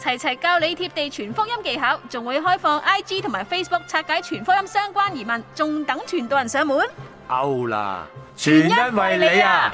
齊齊教你貼地傳福音技巧，仲會開放 IG 同埋 Facebook 拆解傳福音相關疑問，仲等傳道人上門。噢啦，全因為你啊！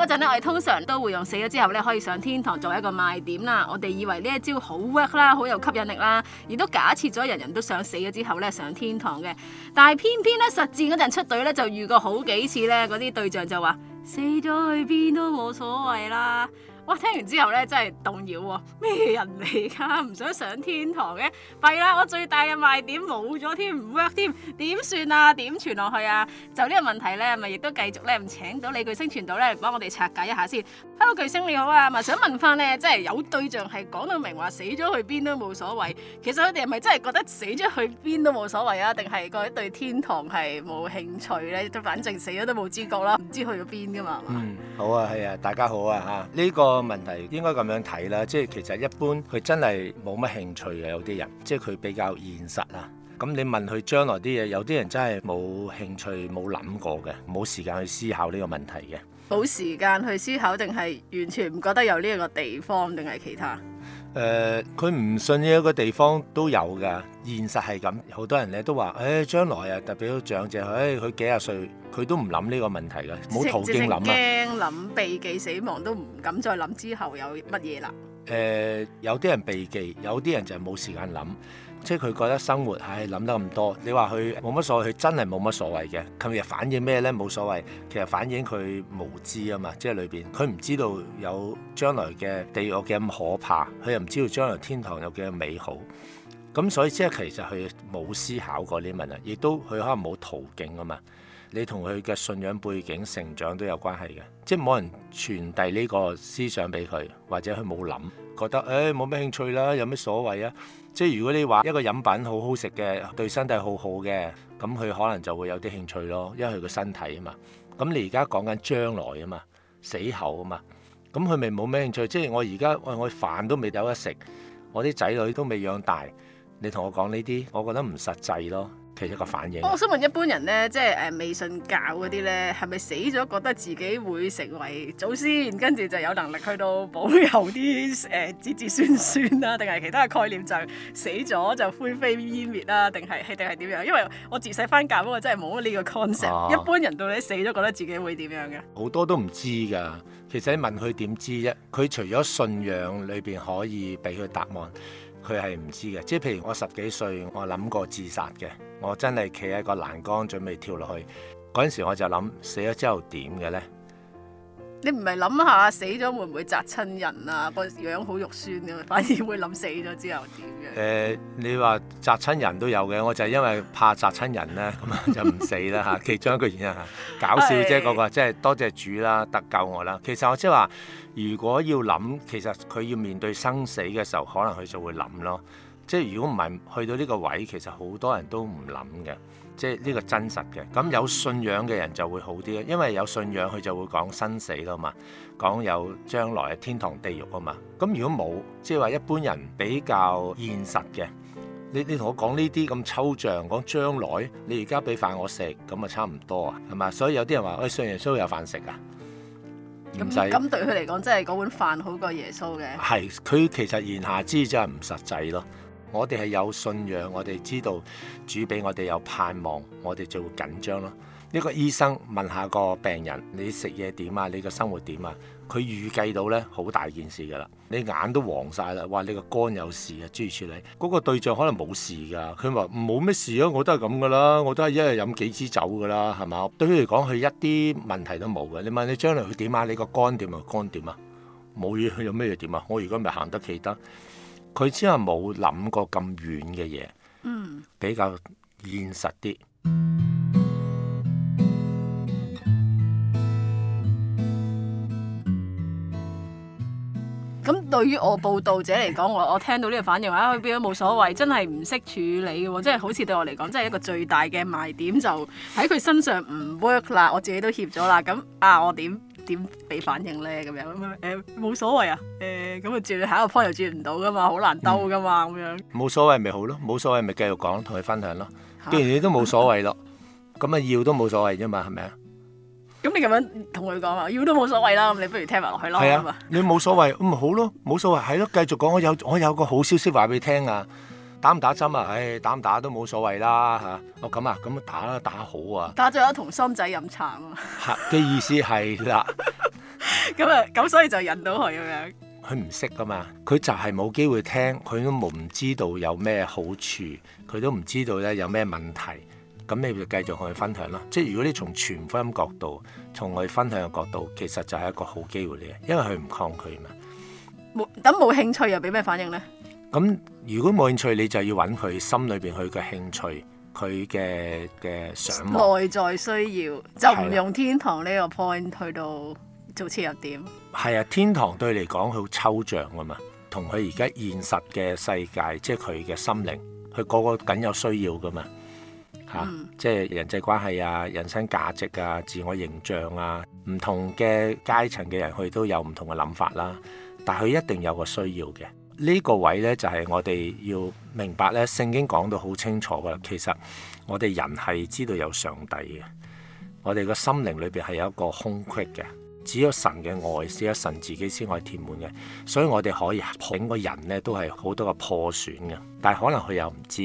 嗰陣咧，我哋通常都會用死咗之後咧可以上天堂作為一個賣點啦。我哋以為呢一招好 work 啦，好有吸引力啦，而都假設咗人人都想死咗之後咧上天堂嘅。但係偏偏咧實戰嗰陣出隊咧就遇過好幾次咧嗰啲對象就話：死咗去邊都冇所謂啦。我聽完之後咧，真係動搖喎、哦！咩人嚟㗎？唔想上天堂嘅，弊啦！我最大嘅賣點冇咗添，唔 work 添，點算啊？點傳落去啊？就呢個問題咧，咪亦都繼續咧，唔請到李巨星傳道咧嚟幫我哋拆解一下先。Hello，巨星你好啊！咪想問翻咧，即係有對象係講到明話死咗去邊都冇所謂，其實佢哋係咪真係覺得死咗去邊都冇所謂啊？定係覺得對天堂係冇興趣咧？都反正死咗都冇知覺啦，唔知去咗邊噶嘛？嗯，好啊，係啊，大家好啊嚇，呢、這個。個問題應該咁樣睇啦，即係其實一般佢真係冇乜興趣嘅有啲人，即係佢比較現實啊。咁你問佢將來啲嘢，有啲人真係冇興趣，冇諗過嘅，冇時間去思考呢個問題嘅。冇時間去思考定係完全唔覺得有呢一個地方定係其他？誒，佢唔、呃、信呢一個地方都有㗎，現實係咁。好多人咧都話，誒、哎，將來啊，特別都長者，誒、哎，佢幾廿歲，佢都唔諗呢個問題㗎，冇直途徑諗啊。成日驚諗避忌死亡，都唔敢再諗之後有乜嘢啦。誒、呃，有啲人避忌，有啲人就係冇時間諗。即係佢覺得生活，唉，諗得咁多。你話佢冇乜所謂，佢真係冇乜所謂嘅。佢日反映咩呢？冇所謂。其實反映佢無知啊嘛。即係裏邊，佢唔知道有將來嘅地獄嘅咁可怕，佢又唔知道將來天堂有幾咁美好。咁所以即係其實佢冇思考過呢啲問題，亦都佢可能冇途徑啊嘛。你同佢嘅信仰背景成長都有關係嘅。即係冇人傳遞呢個思想俾佢，或者佢冇諗，覺得誒，冇咩興趣啦，有咩所謂啊？即係如果你話一個飲品好好食嘅，對身體好好嘅，咁佢可能就會有啲興趣咯，因為佢個身體啊嘛。咁你而家講緊將來啊嘛，死後啊嘛，咁佢咪冇咩興趣？即係我而家我我飯都未有得食，我啲仔女都未養大，你同我講呢啲，我覺得唔實際咯。其實一個反應。我想問一般人呢，即係誒未信教嗰啲呢，係咪死咗覺得自己會成為祖先，跟住就有能力去到保佑啲誒子子孫孫啊？定係其他嘅概念就死咗就灰飛煙滅啦，啊？定係定係點樣？因為我自細翻教，不過真係冇呢個 concept。啊、一般人到底死咗覺得自己會點樣嘅？好多都唔知㗎。其實問佢點知啫？佢除咗信仰裏邊可以俾佢答案，佢係唔知嘅。即係譬如我十幾歲，我諗過自殺嘅。我真係企喺個欄杆準備跳落去，嗰陣時我就諗死咗之後點嘅咧？你唔係諗下死咗會唔會砸親人啊？個樣好肉酸嘅，反而會諗死咗之後點？誒、呃，你話砸親人都有嘅，我就係因為怕砸親人咧，咁啊 就唔死啦吓。其中一個原因吓，搞笑啫嗰、 嗰個，即係多謝主啦，得救我啦。其實我即係話，如果要諗，其實佢要面對生死嘅時候，可能佢就會諗咯。即係如果唔係去到呢個位，其實好多人都唔諗嘅，即係呢、這個真實嘅。咁有信仰嘅人就會好啲咧，因為有信仰佢就會講生死啦嘛，講有將來嘅天堂地獄啊嘛。咁、嗯、如果冇，即係話一般人比較現實嘅，你你同我講呢啲咁抽象，講將來你，你而家俾飯我食，咁啊差唔多啊，係嘛？所以有啲人話：喂、哎，信耶穌有飯食啊？咁咁那用對佢嚟講，即係嗰碗飯好過耶穌嘅。係，佢其實言下之意就係唔實際咯。我哋係有信仰，我哋知道主俾我哋有盼望，我哋就會緊張咯。一個醫生問下個病人：你食嘢點啊？你個生活點啊？佢預計到呢，好大件事㗎啦！你眼都黃晒啦！哇！你個肝有事啊，注意處理。嗰個對象可能冇事㗎，佢話冇咩事咯，我都係咁㗎啦，我都係一日飲幾支酒㗎啦，係嘛？對佢嚟講，佢一啲問題都冇㗎。你問你將來佢點啊？你個肝點啊？肝點啊？冇嘢，佢有咩嘢點啊？我如果唔係行得企得。佢只係冇諗過咁遠嘅嘢，比較現實啲。咁、嗯、對於我報道者嚟講，我我聽到呢個反應話，啊佢變咗冇所謂，真係唔識處理嘅喎，即係好似對我嚟講，真係一個最大嘅賣點就喺佢身上唔 work 啦，我自己都怯咗啦，咁啊我點？點俾反應咧？咁樣咁樣誒，冇所謂啊！誒，咁啊轉下個 point 又轉唔到噶嘛，好難兜噶嘛，咁樣冇所謂咪好咯，冇所謂咪繼續講，同佢分享咯。既然你都冇所謂咯，咁啊要都冇所謂啫嘛，係咪啊？咁你咁樣同佢講啊，要都冇所謂啦，咁你不如聽埋落去咯。係啊，你冇所謂咁咪好咯，冇所謂係咯，繼續講，我有我有個好消息話俾你聽啊！打唔打針啊？唉、哎，打唔打都冇所謂啦嚇。哦咁啊，咁、啊、打啦，打好啊。打咗同心仔飲茶啊。嚇嘅意思係啦。咁啊，咁所以就引到佢咁樣。佢唔識㗎嘛，佢就係冇機會聽，佢都冇唔知道有咩好處，佢都唔知道咧有咩問題。咁你就繼續去分享啦。即係如果你從傳福音角度，從佢分享嘅角度，其實就係一個好機會嚟嘅，因為佢唔抗拒啊嘛。冇等冇興趣又俾咩反應咧？咁如果冇興趣，你就要揾佢心裏邊佢嘅興趣，佢嘅嘅想內在需要，就唔用天堂呢個 point 去到做切入點。係啊，天堂對嚟講好抽象啊嘛，同佢而家現實嘅世界，即係佢嘅心靈，佢個個梗有需要噶嘛嚇，啊嗯、即係人際關係啊、人生價值啊、自我形象啊，唔同嘅階層嘅人佢都有唔同嘅諗法啦，但佢一定有個需要嘅。呢個位呢，就係我哋要明白呢。聖經講到好清楚噶。其實我哋人係知道有上帝嘅，我哋個心靈裏邊係有一個空隙嘅，只有神嘅愛，只有神自己先可以填滿嘅。所以我哋可以整個人呢，都係好多個破損嘅，但係可能佢又唔知，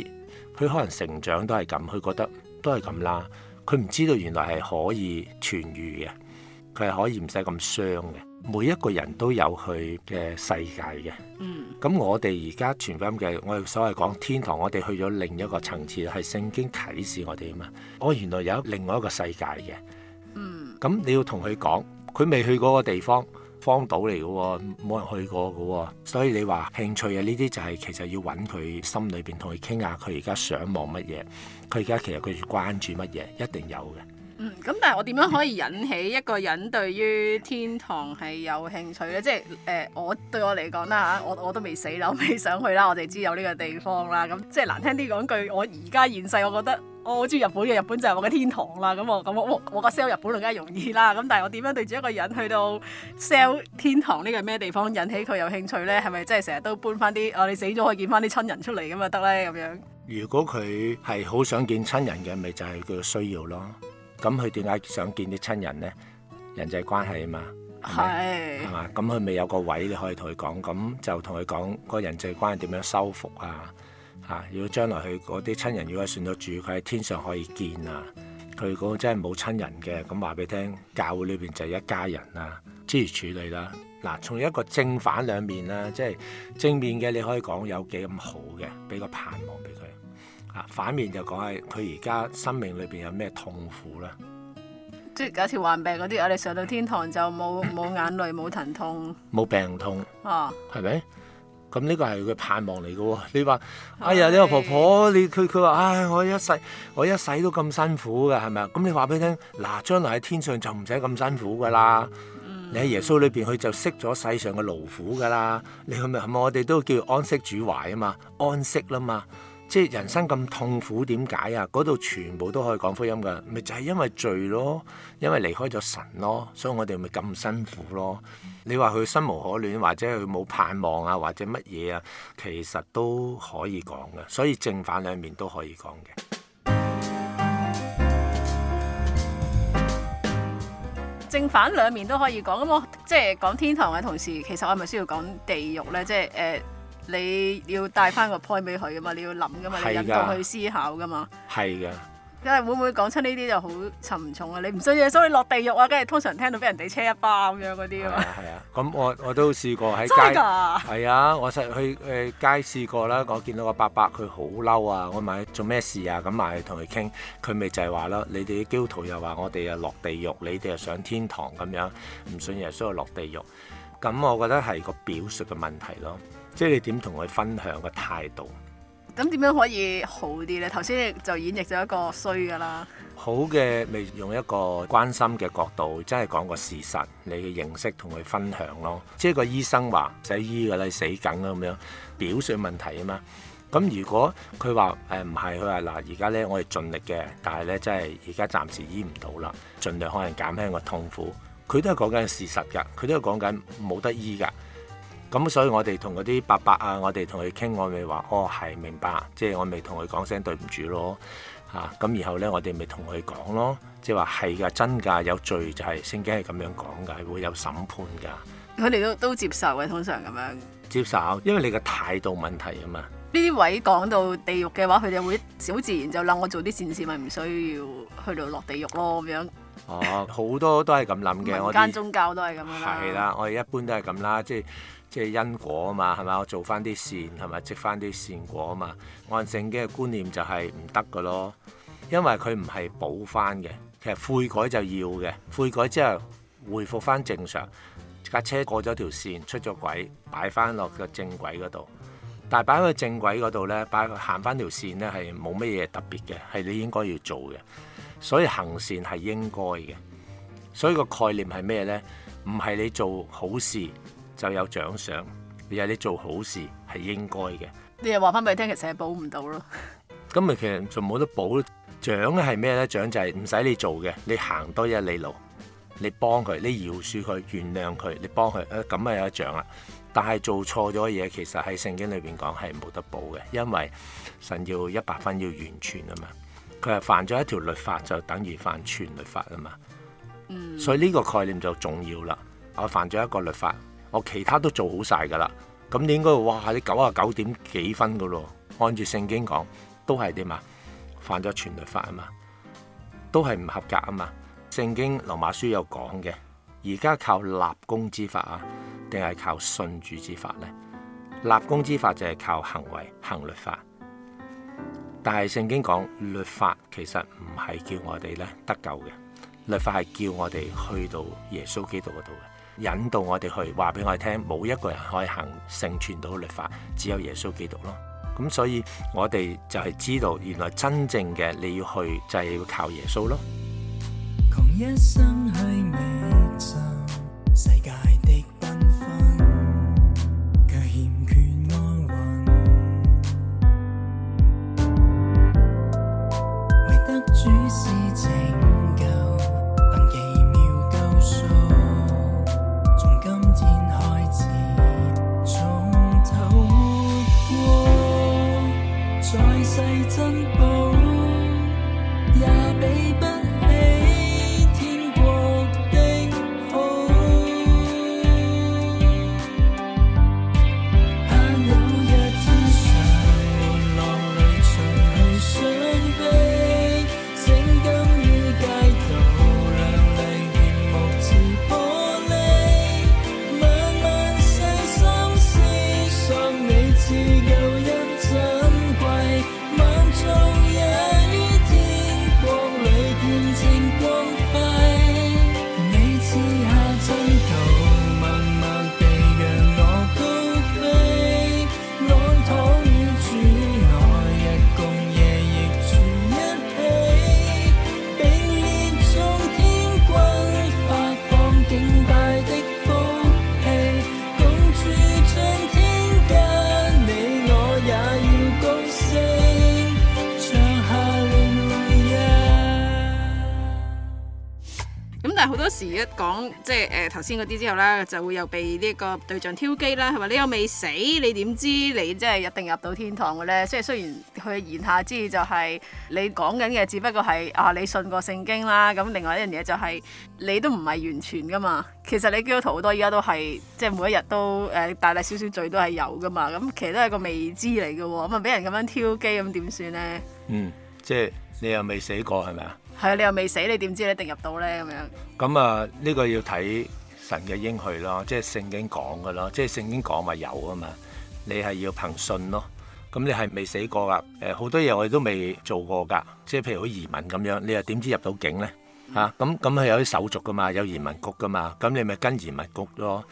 佢可能成長都係咁，佢覺得都係咁啦，佢唔知道原來係可以痊愈嘅，佢係可以唔使咁傷嘅。每一個人都有佢嘅世界嘅，咁、嗯、我哋而家傳福音嘅，我哋所謂講天堂，我哋去咗另一個層次，係、就、聖、是、經啓示我哋啊嘛，我原來有另外一個世界嘅，咁、嗯、你要同佢講，佢未去過個地方，荒島嚟嘅喎，冇人去過嘅喎、哦，所以你話興趣啊，呢啲就係其實要揾佢心裏邊同佢傾下，佢而家想望乜嘢，佢而家其實佢關注乜嘢，一定有嘅。嗯，咁但係我點樣可以引起一個人對於天堂係有興趣咧？即係誒、呃，我對我嚟講啦嚇，我我都未死啦，我未想去啦，我哋知有呢個地方啦。咁、嗯、即係難聽啲講句，我而家現世，我覺得我好中意日本嘅，日本就係我嘅天堂啦。咁、嗯、我咁我我我 sell 日本更加容易啦。咁、嗯、但係我點樣對住一個人去到 sell 天堂呢個咩地方引起佢有興趣咧？係咪即係成日都搬翻啲我哋死咗可以見翻啲親人出嚟咁啊得咧咁樣？如果佢係好想見親人嘅，咪就係佢嘅需要咯。咁佢點解想見啲親人呢？人際關係啊嘛，係嘛吧？咁佢咪有個位你可以同佢講，咁就同佢講個人際關係點樣修復啊？啊，如果將來佢嗰啲親人如果算到住，佢喺天上可以見啊。佢嗰個真係冇親人嘅，咁話俾你聽，教會裏邊就係一家人啦、啊，支持處理啦、啊。嗱、啊，從一個正反兩面啦，即係正面嘅你可以講有幾咁好嘅，俾個盼望俾佢。啊、反面就講係佢而家生命裏邊有咩痛苦咧？即係假設患病嗰啲，我哋上到天堂就冇冇 眼淚、冇疼痛、冇 病痛啊，係咪？咁呢個係佢盼望嚟嘅，哦。你話哎呀，你個婆婆，你佢佢話唉，我一世我一世都咁辛苦嘅，係咪？咁你話俾佢聽，嗱，將來喺天上就唔使咁辛苦噶啦。嗯、你喺耶穌裏邊，佢就識咗世上嘅勞苦噶啦。你佢咪係咪？我哋都叫安息主懷啊嘛，安息啦嘛。即係人生咁痛苦點解啊？嗰度全部都可以講福音㗎，咪就係、是、因為罪咯，因為離開咗神咯，所以我哋咪咁辛苦咯。你話佢生無可戀，或者佢冇盼望啊，或者乜嘢啊，其實都可以講嘅。所以正反兩面都可以講嘅。正反兩面都可以講。咁、嗯、我即係講天堂嘅同時，其實我係咪需要講地獄呢？即係誒。呃你要帶翻個 point 俾佢噶嘛，你要諗噶嘛，的引導佢思考噶嘛，係嘅的，因為會唔會講出呢啲就好沉重啊？你唔信耶穌，所以落地獄啊？跟住通常聽到俾人哋車一包咁樣嗰啲啊，係啊，咁我我都試過喺街，係啊，我實去誒、呃、街試過啦。我見到個伯伯佢好嬲啊，我問做咩事啊？咁埋去同佢傾，佢咪就係話咯，你哋基督徒又話我哋又落地獄，你哋又上天堂咁樣，唔信嘢，耶穌落地獄。咁我覺得係個表述嘅問題咯。即係你點同佢分享個態度？咁點樣可以好啲呢？頭先就演繹咗一個衰噶啦。好嘅，咪用一個關心嘅角度，真係講個事實，你嘅認識同佢分享咯。即係個醫生話死醫噶啦，你死梗啦咁樣表說問題啊嘛。咁如果佢話誒唔係，佢話嗱而家呢，我哋盡力嘅，但係呢，真係而家暫時醫唔到啦，盡量可能減輕個痛苦。佢都係講緊事實噶，佢都係講緊冇得醫噶。咁所以我哋同嗰啲伯伯啊，我哋同佢傾，我咪話，哦係明白，即係我咪同佢講聲對唔住咯嚇。咁然後咧，我哋咪同佢講咯，即係話係噶真噶，有罪就係聖經係咁樣講㗎，會有審判㗎。佢哋都都接受嘅，通常咁樣。接受，因為你個態度問題啊嘛。呢啲位講到地獄嘅話，佢哋會小自然就諗，我做啲善事咪唔需要去到落地獄咯咁樣。哦，好多都係咁諗嘅，民間宗教都係咁啦。係啦，我哋一般都係咁啦，即係。即係因果啊嘛，係咪？我做翻啲善係咪？植翻啲善果啊嘛。按聖經嘅觀念就係唔得㗎咯，因為佢唔係補翻嘅，其實悔改就要嘅。悔改之後回復翻正常，架車過咗條線出咗軌，擺翻落個正軌嗰度，但係擺喺個正軌嗰度呢，擺行翻條線呢，係冇乜嘢特別嘅，係你應該要做嘅，所以行善係應該嘅。所以個概念係咩呢？唔係你做好事。就有獎賞，而係你做好事係應該嘅。你又話翻俾你聽，其實係補唔到咯。咁 咪其實就冇得補獎係咩咧？獎就係唔使你做嘅，你行多一里路，你幫佢，你饒恕佢，原諒佢，你幫佢，咁咪有得獎啦。但係做錯咗嘢，其實喺聖經裏邊講係冇得補嘅，因為神要一百分要完全啊嘛。佢係犯咗一條律法，就等於犯全律法啊嘛。嗯。所以呢個概念就重要啦。我犯咗一個律法，我其他都做好晒噶啦，咁你應該哇，你九十九點幾分噶咯？按住聖經講，都係點啊？犯咗全律法啊嘛，都係唔合格啊嘛。聖經羅馬書有講嘅，而家靠立功之法啊，定係靠信主之法呢？立功之法就係靠行為行律法，但係聖經講律法其實唔係叫我哋咧得救嘅，律法係叫我哋去到耶穌基督嗰度嘅。引導我哋去話俾我哋聽，冇一個人可以行成全到嘅律法，只有耶穌基督咯。咁、嗯、所以我哋就係知道，原來真正嘅你要去就係、是、要靠耶穌咯。即係誒，頭先嗰啲之後咧，就會又被呢個對象挑機啦，係咪？你又未死，你點知你即係一定入到天堂嘅咧？即係雖然佢言下之意就係、是、你講緊嘅，只不過係啊，你信過聖經啦。咁、嗯、另外一樣嘢就係、是、你都唔係完全噶嘛。其實你基督徒好多，而家都係即係每一日都誒、呃、大大小小罪都係有噶嘛。咁、嗯、其實都係個未知嚟嘅，咁啊俾人咁樣挑機，咁點算咧？嗯，即係你又未死過係咪啊？係啊，你又未死，你點知你一定入到呢？咁樣？咁啊，呢、這個要睇神嘅應許咯，即係聖經講嘅咯，即係聖經講咪有啊嘛。你係要憑信咯。咁你係未死過噶，誒、呃、好多嘢我哋都未做過㗎。即係譬如好移民咁樣，你又點知入到境呢？嚇咁咁佢有啲手續㗎嘛，有移民局㗎嘛，咁你咪跟移民局咯。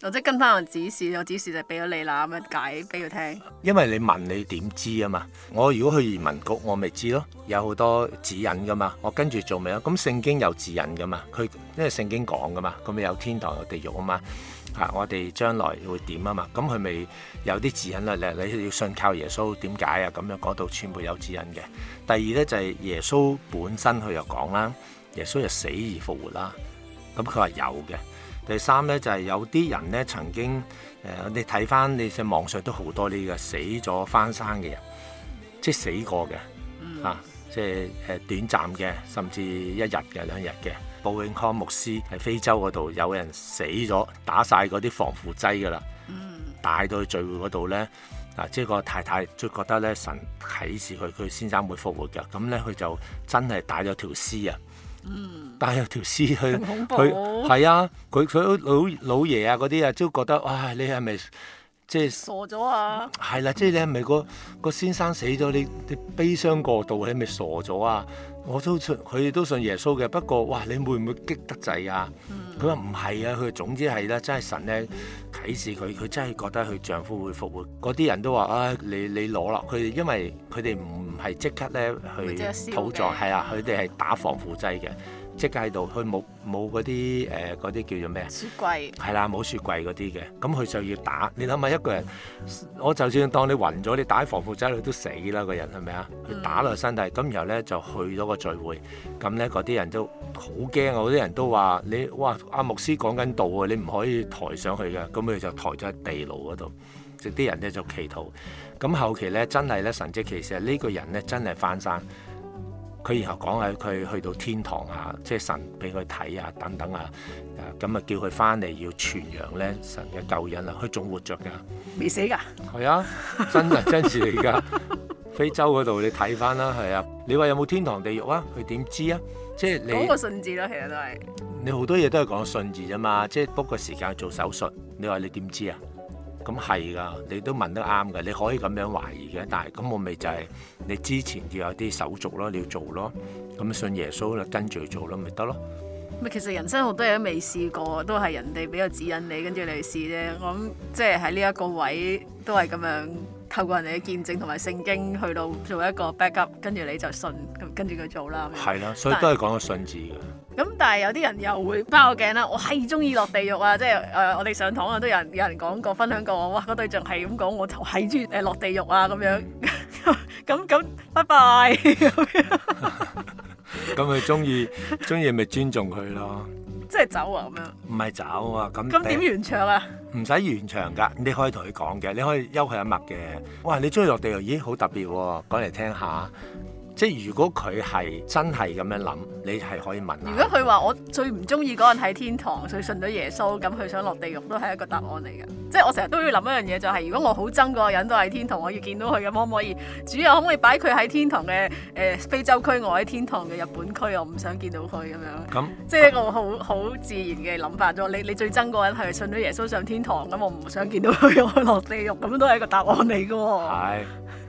或者跟翻人指示，個指示就俾咗你啦，咁樣解俾佢聽。因為你問你點知啊嘛。我如果去移民局，我咪知咯，有好多指引噶嘛。我跟住做咪咯。咁聖經有指引噶嘛？佢因為聖經講噶嘛，咁咪有天堂有地獄啊嘛。啊，我哋將來會點啊嘛？咁佢咪有啲指引啦。你你要信靠耶穌，點解啊？咁樣嗰度全部有指引嘅。第二咧就係耶穌本身佢又講啦，耶穌又死而復活啦。咁佢話有嘅。第三呢，就係、是、有啲人呢曾經誒、呃，你睇翻你上網上都好多呢個死咗翻生嘅人，即係死過嘅嚇、啊，即係誒短暫嘅，甚至一日嘅兩日嘅。布永康牧師喺非洲嗰度有人死咗打晒嗰啲防腐劑㗎啦，帶到去聚會嗰度呢。嗱、啊，即係個太太都覺得呢，神啟示佢，佢先生會復活嘅，咁呢，佢就真係帶咗條屍啊！嗯，帶有條屍去，佢係啊，佢佢老老爺啊嗰啲啊，都覺得，哇！你係咪？即係傻咗啊！係啦，即係你係咪、那個個先生死咗？你你悲傷過度，你係咪傻咗啊？我都信佢哋都信耶穌嘅，不過哇，你會唔會激得滯、嗯、啊？佢話唔係啊，佢總之係咧，真係神咧啟示佢，佢真係覺得佢丈夫會復活。嗰啲人都話：唉、哎，你你攞啦。佢哋因為佢哋唔係即刻咧去土葬，係啊，佢哋係打防腐劑嘅。即係喺度，佢冇冇嗰啲誒啲叫做咩？雪櫃係啦，冇雪櫃嗰啲嘅，咁佢就要打。你諗下一個人，的我就算當你暈咗，你打防腐劑佢都死啦，個人係咪啊？佢打落身體，咁然後咧就去咗個聚會，咁咧嗰啲人都好驚啊！嗰啲人都話：你哇，阿牧師講緊道啊，你唔可以抬上去㗎，咁佢就抬咗喺地牢嗰度。值啲人咧就祈禱，咁後期咧真係咧神跡奇事，呢個人咧真係翻生。佢然後講啊，佢去到天堂啊，即係神俾佢睇啊，等等啊，咁啊叫佢翻嚟要傳揚咧神嘅救恩啦。佢仲活着㗎，未死㗎？係啊，真係真事嚟㗎。 非洲嗰度你睇翻啦，係啊，你話有冇天堂地獄啊？佢點知啊？即你講個信字咯，其實都係你好多嘢都係講信字啫嘛。即係 book 個時間去做手術，你話你點知啊？咁係噶，你都問得啱噶，你可以咁樣懷疑嘅，但係咁我咪就係、是、你之前要有啲手續咯，你要做咯，咁信耶穌啦，跟住去做咯，咪得咯。咪其實人生好多嘢都未試過，都係人哋比較指引你，跟住你去試啫。我諗即係喺呢一個位都，都係咁樣透過人哋嘅見證同埋聖經去到做一個 back up，跟住你就信，跟跟住佢做啦。係啦，所以都係講個信字嘅。咁但係有啲人又會爆個鏡啦，我係中意落地獄啊！即係誒、呃，我哋上堂啊都有人有人講過分享過，哇！嗰對象係咁講，我就係中意誒落地獄啊咁樣。咁咁，拜拜咁佢中意中意，咪 尊重佢咯。即係走啊咁樣。唔係走啊，咁咁點完場啊？唔使完場噶，你可以同佢講嘅，你可以幽佢一默嘅。哇！你中意落地獄，咦好特別喎，啊，講嚟聽下。即係如果佢係真係咁樣諗，你係可以問。如果佢話我最唔中意嗰個人喺天堂，所以信咗耶穌，咁佢想落地獄都係一個答案嚟噶。即係我成日都要諗一樣嘢，就係、是，如果我好憎嗰個人都喺天堂，我要見到佢咁可唔可以？主要可唔可以擺佢喺天堂嘅誒、呃、非洲區我喺天堂嘅日本區，我唔想見到佢咁樣。咁、嗯、即係一個好好、嗯、自然嘅諗法咗。你你最憎嗰個人係信咗耶穌上天堂咁，我唔想見到佢 落地獄，咁都係一個答案嚟噶。係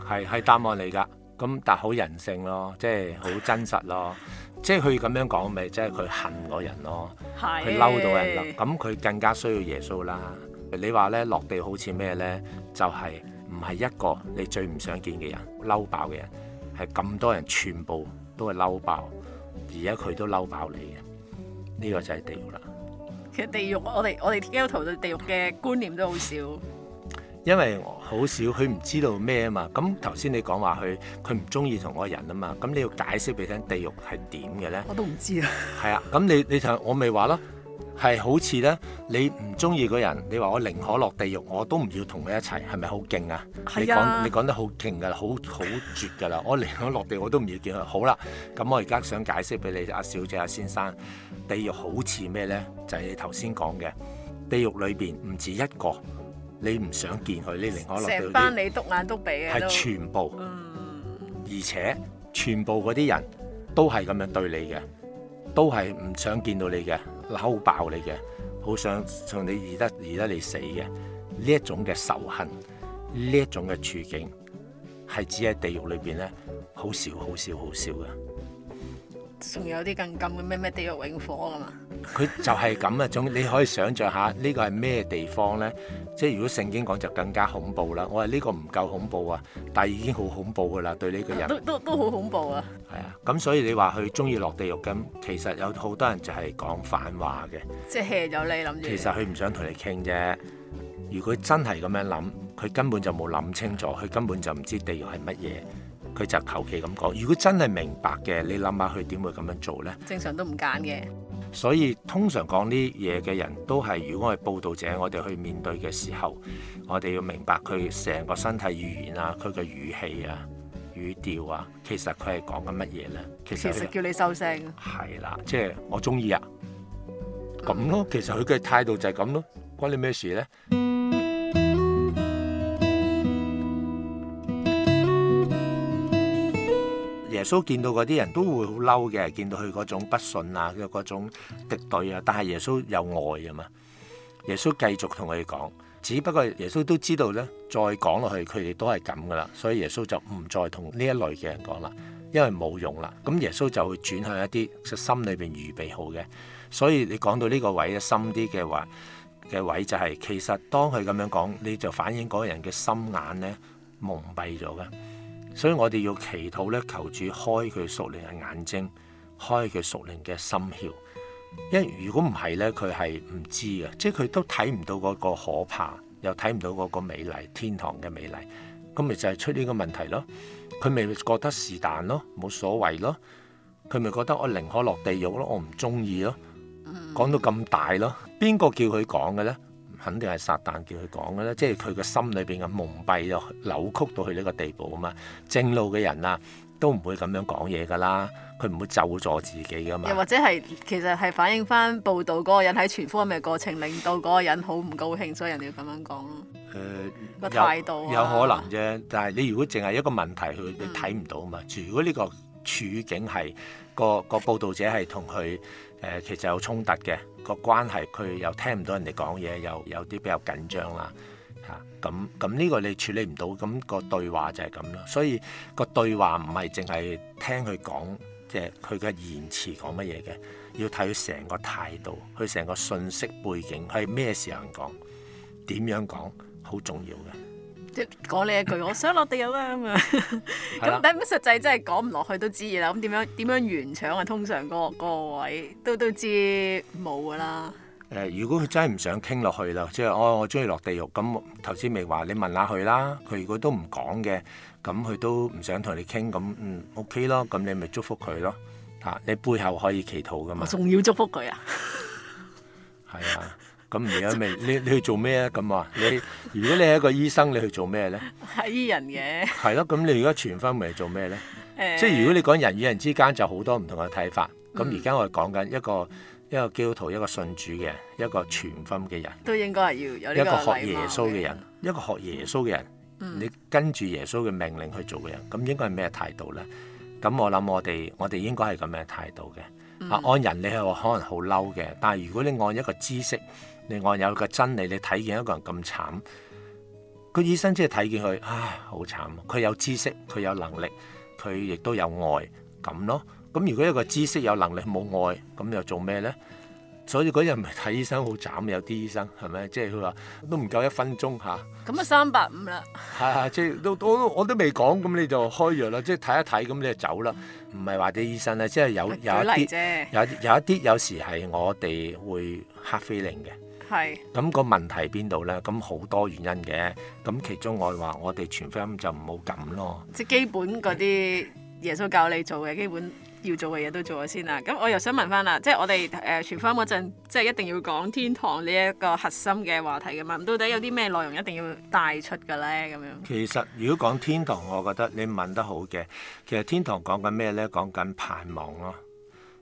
係係答案嚟噶。咁但好人性咯，即係好真實咯，即係佢咁樣講咪，即係佢恨嗰人咯，佢嬲的到人咁，佢更加需要耶穌啦。你話咧落地好似咩咧？就係唔係一個你最唔想見嘅人嬲爆嘅人，係咁多人全部都係嬲爆，而家佢都嬲爆你嘅，呢、這個就係地獄啦。其實地獄我哋我哋基督徒對地獄嘅觀念都好少。因為好少，佢唔知道咩啊嘛。咁頭先你講話佢佢唔中意同嗰人啊嘛。咁你要解釋俾聽，地獄係點嘅咧？我都唔知啊。係啊，咁你你就我咪話咯，係好似咧，你唔中意嗰人，你話我寧可落地獄，我都唔要同佢一齊，係咪好勁啊？啊，你講你講得好勁噶啦，好好絕噶啦，我寧可落地我都唔要見佢。好啦，咁我而家想解釋俾你阿、啊、小姐阿、啊、先生，地獄好似咩咧？就係你頭先講嘅，地獄裏邊唔止一個。你唔想見佢，你寧可落對你。成班你篤眼篤鼻嘅都。係全部。嗯。而且全部嗰啲人都係咁樣對你嘅，都係唔想見到你嘅，嬲爆你嘅，好想從你而得而得你死嘅，呢一種嘅仇恨，呢一種嘅處境，係指喺地獄裏邊咧，好少好少好少嘅。仲有啲更勁嘅咩咩地獄永火啊嘛！佢 就係咁啊，總之，你可以想像下呢個係咩地方呢？即係如果聖經講就更加恐怖啦。我話呢個唔夠恐怖啊，但係已經好恐怖噶啦。對呢個人都都好恐怖啊。係啊，咁所以你話佢中意落地獄咁，其實有好多人就係講反話嘅，即係 hea 咗你諗。其實佢唔想同你傾啫。如果真係咁樣諗，佢根本就冇諗清楚，佢根本就唔知地獄係乜嘢，佢就求其咁講。如果真係明白嘅，你諗下佢點會咁樣做呢？正常都唔揀嘅。所以通常講呢嘢嘅人都係，如果我係報導者，我哋去面對嘅時候，我哋要明白佢成個身體語言啊，佢嘅語氣啊、語調啊，其實佢係講緊乜嘢呢？其實,就係、其實叫你收聲。係啦，即係我中意啊，咁咯。其實佢嘅態度就係咁咯，關你咩事呢？耶穌見到嗰啲人都會好嬲嘅，見到佢嗰種不信啊，嘅嗰種敵對啊，但係耶穌有愛啊嘛。耶穌繼續同佢哋講，只不過耶穌都知道咧，再講落去佢哋都係咁噶啦，所以耶穌就唔再同呢一類嘅人講啦，因為冇用啦。咁耶穌就會轉向一啲心裏邊預備好嘅。所以你講到呢個位啊，深啲嘅話嘅位就係、是，其實當佢咁樣講，你就反映嗰個人嘅心眼咧矇蔽咗嘅。所以我哋要祈禱咧，求主開佢屬靈嘅眼睛，開佢屬靈嘅心竅。因為如果唔係咧，佢係唔知嘅，即係佢都睇唔到嗰個可怕，又睇唔到嗰個美麗天堂嘅美麗。咁咪就係出呢個問題咯。佢咪覺得是但咯，冇所謂咯。佢咪覺得我寧可落地獄咯，我唔鍾意咯。講到咁大咯，邊個叫佢講嘅咧？肯定係撒旦叫佢講嘅啦，即係佢個心裏邊嘅蒙蔽又扭曲到去呢個地步啊嘛！正路嘅人啊，都唔會咁樣講嘢噶啦，佢唔會咒詛自己噶嘛。又或者係其實係反映翻報道嗰個人喺傳福音嘅過程，令到嗰個人好唔高興，所以人哋要咁樣講。誒、呃，態度啊？有，有可能啫，但係你如果淨係一個問題，佢你睇唔到啊嘛。嗯、如果呢個處境係個個報道者係同佢。誒，其實有衝突嘅個關係，佢又聽唔到人哋講嘢，又有啲比較緊張啦嚇。咁咁呢個你處理唔到，咁個對話就係咁啦。所以個對話唔係淨係聽佢講，即係佢嘅言辭講乜嘢嘅，要睇佢成個態度，佢成個信息背景，佢係咩時候講，點樣講，好重要嘅。即係講你一句，我想落地獄啦咁啊！咁 等實際真係講唔落去都知啦。咁點樣點樣圓場啊？通常嗰、那個那個位都都知冇噶啦。誒、呃，如果佢真係唔想傾落去啦，即係、哦、我我中意落地獄。咁頭先咪話你問下佢啦。佢如果都唔講嘅，咁佢都唔想同你傾，咁嗯 OK 咯。咁你咪祝福佢咯。嚇、啊，你背後可以祈禱噶嘛？仲要祝福佢啊？係 啊！咁未啊？未 你你去做咩咧？咁啊，你如果你係一個醫生，你去做咩咧？係醫人嘅。係咯，咁你如果傳福音咪嚟做咩咧？ 即係如果你講人與人之間就好多唔同嘅睇法，咁而家我係講緊一個、嗯、一個基督徒、一個信主嘅、一個傳福音嘅人，都應該要有呢個禮貌。一個學耶穌嘅人，的一個學耶穌嘅人，嗯、你跟住耶穌嘅命令去做嘅人，咁應該係咩態度咧？咁我諗我哋我哋應該係咁嘅態度嘅。啊、嗯，按人你係可能好嬲嘅，但係如果你按一個知識。另外，有個真理，你睇見一個人咁慘，個醫生即係睇見佢，唉，好慘。佢有知識，佢有能力，佢亦都有愛咁咯。咁如果一個知識有能力冇愛，咁又做咩咧？所以嗰日咪睇醫生好慘，有啲醫生係咪？即係佢話都唔夠一分鐘吓，咁啊，三百五啦。係、啊、即係都我都我都未講，咁你就開藥啦。即係睇一睇，咁你就走啦。唔係話啲醫生咧，即係有有啲有有一啲有，有，有，有時係我哋會黑 feeling 嘅。係，咁是個問題邊度咧？咁好多原因嘅，咁其中我話我哋傳福音就唔好咁咯。即係基本嗰啲耶穌教你做嘅基本要做嘅嘢都做咗先啦。咁我又想問翻啦，即係我哋誒傳福音嗰陣，呃、即係一定要講天堂呢一個核心嘅話題嘅嘛？到底有啲咩內容一定要帶出嘅咧？咁樣其實如果講天堂，我覺得你問得好嘅。其實天堂講緊咩咧？講緊盼望咯，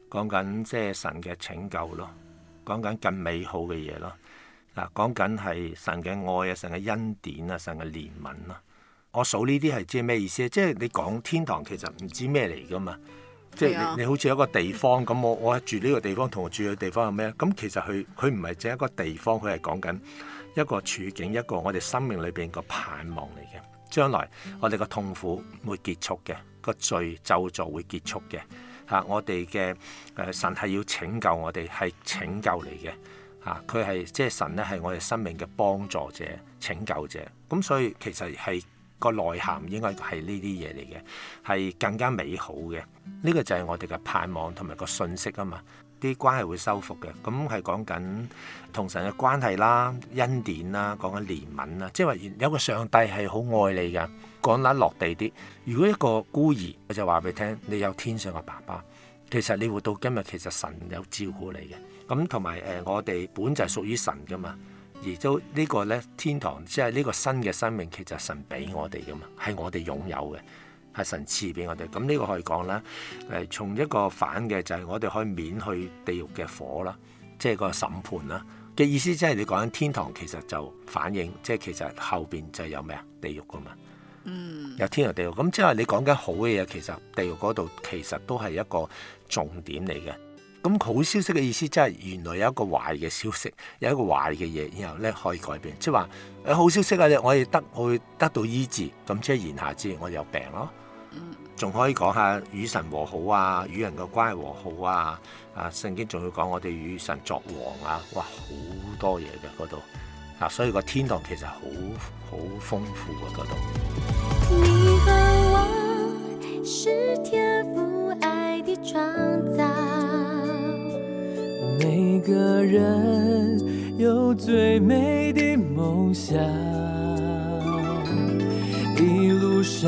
講緊即係神嘅拯救咯。講緊更美好嘅嘢咯，嗱講緊係神嘅愛啊，神嘅恩典啊，神嘅憐憫啊，我數呢啲係即係咩意思，即係、就是、你講天堂其實唔知咩嚟噶嘛？即、就、係、是、你，的你好似一個地方咁，我我住呢個地方同我住嘅地方係咩？咁其實佢佢唔係淨係一個地方，佢係講緊一個處境，一個我哋生命裏邊個盼望嚟嘅。將來我哋個痛苦會結束嘅，個罪咒詛會結束嘅。啊！我哋嘅誒神係要拯救我哋，係拯救嚟嘅。啊，佢係即係神咧，係我哋生命嘅幫助者、拯救者。咁所以其實係個內涵應該係呢啲嘢嚟嘅，係更加美好嘅。呢個就係我哋嘅盼望同埋個信息啊嘛。啲關係會修復嘅，咁係講緊同神嘅關係啦、恩典啦、講緊憐憫啦，即係話有個上帝係好愛你嘅，講得落地啲。如果一個孤兒，我就話俾你聽，你有天上嘅爸爸，其實你會到今日。其實神有照顧你嘅。咁同埋誒，我哋本就係屬於神噶嘛，而都呢個咧天堂，即係呢個新嘅生命，其實神俾我哋噶嘛，係我哋擁有嘅。係神賜俾我哋，咁、這、呢個可以講啦，誒、呃，從一個反嘅就係、是、我哋可以免去地獄嘅火啦，即係個審判啦。嘅意思即、就、係、是、你講緊天堂其實就反映，即係其實後邊就係有咩啊？地獄㗎嘛，嗯、有天堂地獄。咁、嗯、即係你講緊好嘅嘢，其實地獄嗰度其實都係一個重點嚟嘅。咁、嗯、好消息嘅意思即、就、係、是、原來有一個壞嘅消息，有一個壞嘅嘢，然後咧可以改變。即係話誒，好消息啊，我哋得會得，得到醫治。咁即係言下之意我哋有病咯。仲可以講下與神和好啊，與人嘅關係和好啊。啊，聖經仲要講我哋與神作王啊，哇，好多嘢嘅嗰度。啊，所以個天堂其實好好豐富嘅嗰度。你和我，係天父愛的創造，每個人有最美的夢想，一路上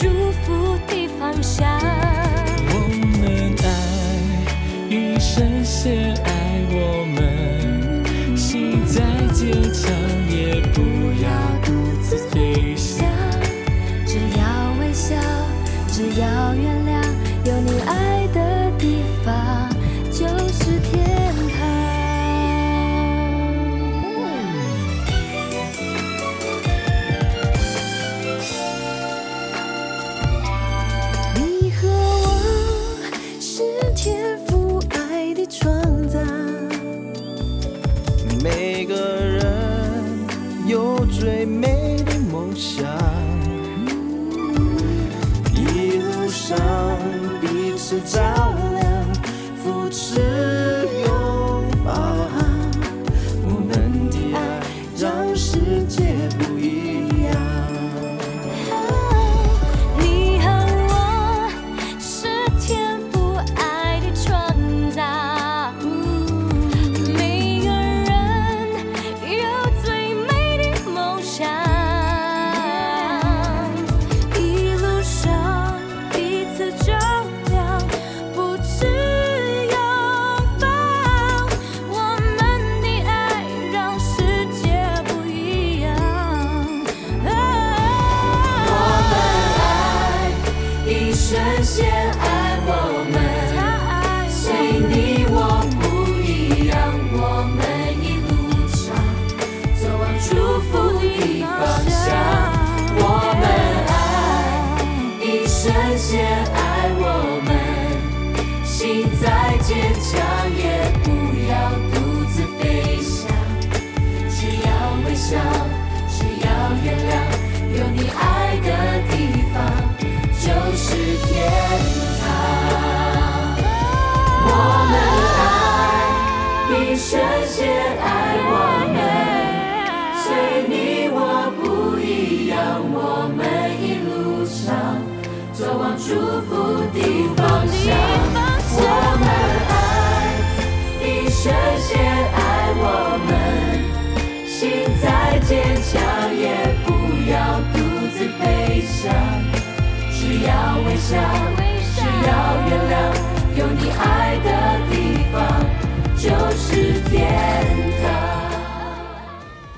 祝福的方向。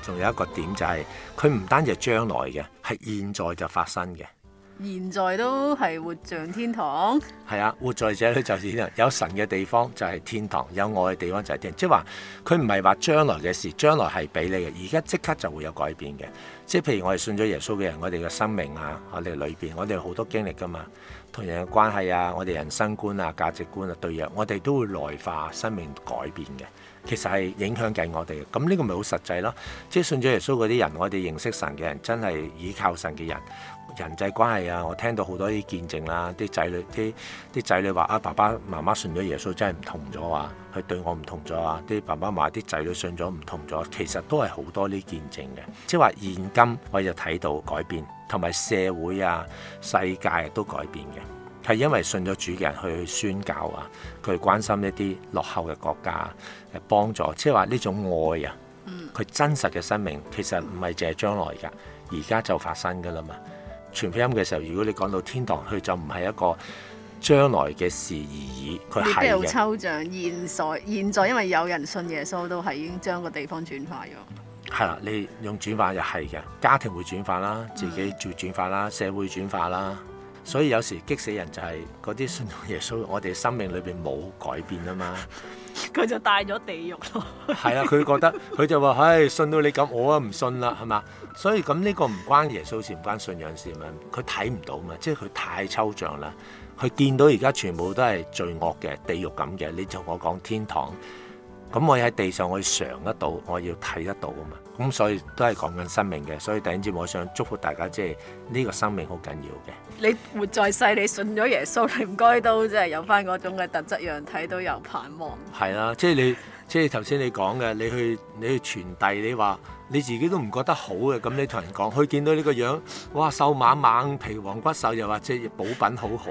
仲有一個點就係，佢唔單止係將來嘅，係現在就發生嘅。現在都係活像天堂。係啊，活在這裏就係天堂。有神嘅地方就係天堂，有我嘅地方就係天堂。即係話佢唔係話將來嘅事，將來係俾你嘅。而家即刻就會有改變嘅。即係譬如我哋信咗耶穌嘅人，我哋嘅生命啊，我哋裏邊，我哋好多經歷㗎嘛，同人嘅關係啊，我哋人生觀啊、價值觀啊、對人，我哋都會內化生命改變嘅。其實係影響緊我哋嘅。咁呢個咪好實際咯？即係信咗耶穌嗰啲人，我哋認識神嘅人，真係依靠神嘅人。人際關係啊，我聽到好多啲見證啦、啊。啲仔女啲啲仔女話啊，爸爸媽媽信咗耶穌真係唔同咗啊。佢對我唔同咗啊。啲爸爸媽媽啲仔女信咗唔同咗，其實都係好多啲見證嘅。即係話現今我就睇到改變，同埋社會啊、世界都改變嘅，係因為信咗主嘅人去宣教啊，佢關心一啲落後嘅國家，誒幫助。即係話呢種愛啊，佢真實嘅生命其實唔係淨係將來㗎，而家就發生㗎啦嘛。傳福音嘅時候，如果你講到天堂，佢就唔係一個將來嘅事而已，佢係有抽象，現在現在因為有人信耶穌，都係已經將個地方轉化咗。係啦，你用轉化又係嘅，家庭會轉化啦，自己做轉化啦，社會轉化啦。嗯嗯。所以有時激死人就係嗰啲信咗耶穌，我哋生命裏邊冇改變啊嘛，佢 就帶咗地獄咯。係 啊，佢覺得佢就話，唉、哎，信到你咁，我啊唔信啦，係嘛？所以咁呢個唔關耶穌事，唔關信仰事嘛，佢睇唔到嘛，即係佢太抽象啦。佢見到而家全部都係罪惡嘅地獄咁嘅，你同我講天堂，咁我喺地上我以嘗得到，我要睇得到啊嘛。咁、嗯、所以都係講緊生命嘅，所以第二朝我想祝福大家，即係呢個生命好緊要嘅。你活在世，你信咗耶穌，你唔該都即係有返嗰種嘅特質樣睇到有盼望。係 啦、啊，即係你，即係頭先你講嘅，你去你去傳遞你話。你自己都唔覺得好嘅，咁你同人講，佢見到呢個樣，哇，瘦蜢蜢，皮黃骨瘦，又或者補品好好，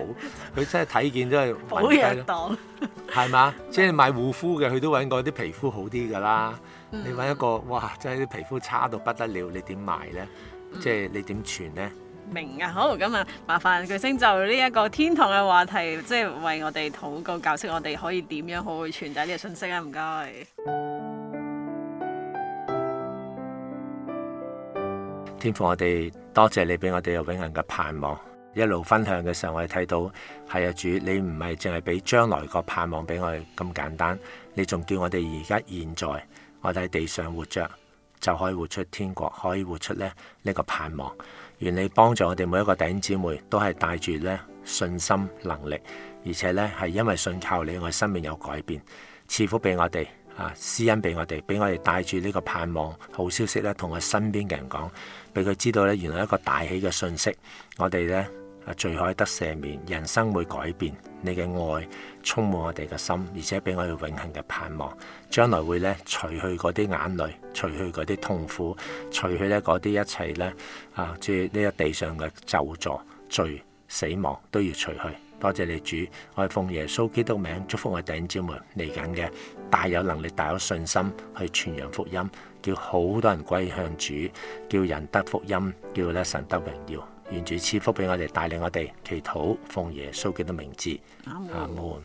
佢 真係睇見都係補嘢檔，係嘛？即係買護膚嘅，佢都揾過啲皮膚好啲嘅啦。嗯、你揾一個，哇！即係啲皮膚差到不得了，你點賣呢？嗯、即係你點傳呢？明啊，好，咁啊，麻煩巨星就呢一個天堂嘅話題，即係為我哋討論教識我哋可以點樣好去傳遞呢個信息啊！唔該。天父，我哋多謝你俾我哋有永恒嘅盼望。一路分享嘅時候，我哋睇到係啊、哎、主，你唔係淨係俾將來個盼望俾我哋咁簡單，你仲叫我哋而家現在，現在我哋喺地上活着，就可以活出天國，可以活出咧呢、呢個盼望。願你幫助我哋每一個弟兄姊妹，都係帶住呢信心能力，而且呢，係因為信靠你，我生命有改變。賜福俾我哋。.啊！施恩俾我哋，俾我哋帶住呢個盼望，好消息咧，同佢身邊嘅人講，俾佢知道咧，原來一個大喜嘅信息。我哋咧啊，罪海得赦免，人生會改變。你嘅愛充滿我哋嘅心，而且俾我哋永恒嘅盼望，將來會咧除去嗰啲眼淚，除去嗰啲痛苦，除去咧嗰啲一切咧啊，即係呢個地上嘅咒詛，罪、死亡都要除去。多謝你主，我係奉耶穌基督名祝福我們第招朝門嚟緊嘅，大有能力、大有信心去傳揚福音，叫好多人歸向主，叫人得福音，叫咧神得榮耀。願主賜福俾我哋，帶領我哋祈禱，奉耶穌基督名字，阿門。